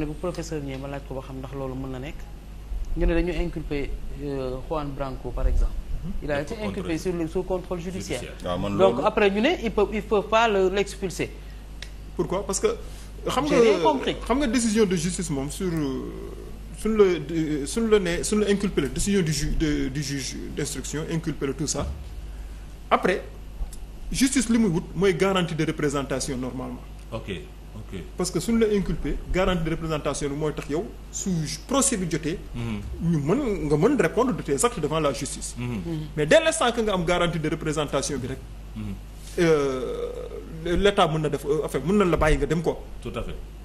ne bu professeur ñëwee ma laaj ko ba xam ndax loolu mën na nekk ñu ne dañu inculpé euh, Juan Branco par exemple. Mhm. il a été inculpé sur le sous contrôle judiciaire. Ah, donc après ñu ne ils peuvent ils peuvent pas le l'expulser. pourquoi parce que. xam nga xam nga décision de justice moom sur euh, suñ la de la nee suñ la inculpé la décision du ju du juge d'instruction inculpé la tout ça après justice li muy wut mooy garantie de représentation normalement. ok ok parce que suñu la inculpé garantie de représentation bi mooy tax yow su procès bi jotee. ñu mën nga mën répondre de tes actes devant la justice. Mhm. Mhm. mais dès l'instant que nga am garantie de représentation bi rek. Mhm. Euh, l' état mën na def euh, affaire mën na la bàyyi nga dem ko. tout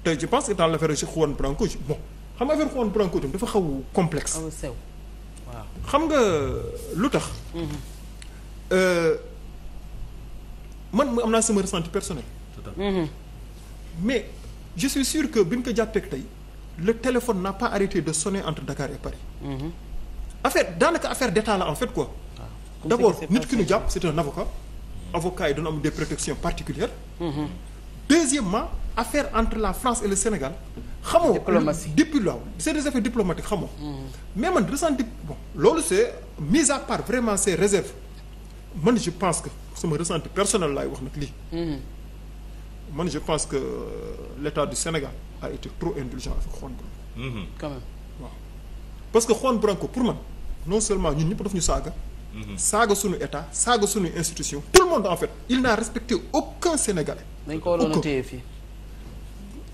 te je pense que dans l' affaire Juan Branco bon xam nga affaire Juan Branco tam dafa xaw complexe. xaw sew waaw. xam nga lu tax. Euh, man mu am naa sama ressenti personnel. mais je suis sûr que bi ñu ko jàppeek tey le téléphone n'a pas arrêté de sonner entre Dakar et Paris. Mmh. daanaka affaire d'état la en fait quoi. Ah, d'abord nit ki ñu jàpp c'est un avocat. avocat yi doon am des protections particulières. Mmh. deuxièmement affaire entre la France et le Sénégal. xamoo diplomatie depuis là c'est des affaires diplomatiques xamoo. Mmh. mais man ressenti bon loolu c'est mise à part vraiment ces réserves man je pense que sama ressenti personnel laay wax nag lii. Mhm. man je pense que euh, l'état du Sénégal a été trop indulgent avec Juan Branco. Mm-hmm. waaw parce que Juan Branco pour man non seulement ñun ñëpp daf ñu saaga. Mm-hmm. saaga suñu état saaga suñu institution. tout le monde en fait il n'a respecté aucun Sénégalais. dañ ko waroon a téye fii.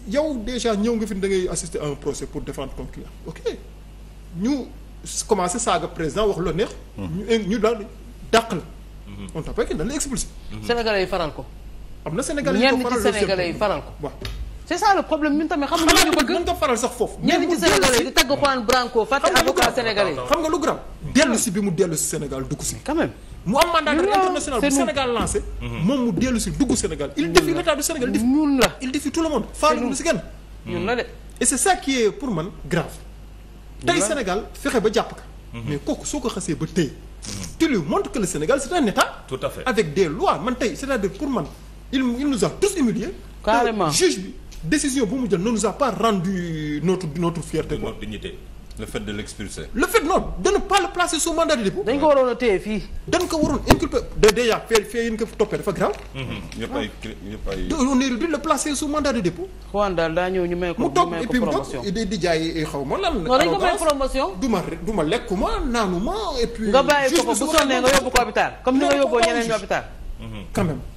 yow déjà ñëw nga fi da ngay assister à un procès pour défendre ton client ok ñu commencé saaga président wax la neex. Mm-hmm. ñu ñu daal dàq la. on t'appelle dañ lay expulsé. Sénégalais yi faral ko. am na sénégalais yi ko faral ñenn xam nga lu grave dellu si bi mu dellu si Sénégal dugg si. quand même mu am mandat international bu Sénégal lancé. Mhm. moom mu dellu si dugg Sénégal. il défie l'état du Sénégal défie ñun la il défie tout le monde. faalu lu si kenn. ñun la de. et pour man grave. tey Sénégal fexe ba jàpp ka mhm. mais kooku soo ko xasee ba tey. Mhm. tu lui montres que le Sénégal c'est un à fait avec des lois man tey c'est-à-dire pour man il il nous a tous humiliés carrément juge bi décision bu mu jël ne nous a pas rendu notre notre fierté quoi. dignité le fait de l'expulser. le placer sous mandat de dépôt. dañ ko waroon a téye fii. dañ ko waroon inculper de déjà fee fee yi ko toppee dafa grave. Mm-hmm. ñëpp ay ñëpp ay. te on aurait dû le placer sous et puis mu toog di di jaay eh, xaw ma ko may promotion. du nga bàyyi ko ko bu sonnee nga yóbbu ko hôpital comme ni nga yóbboo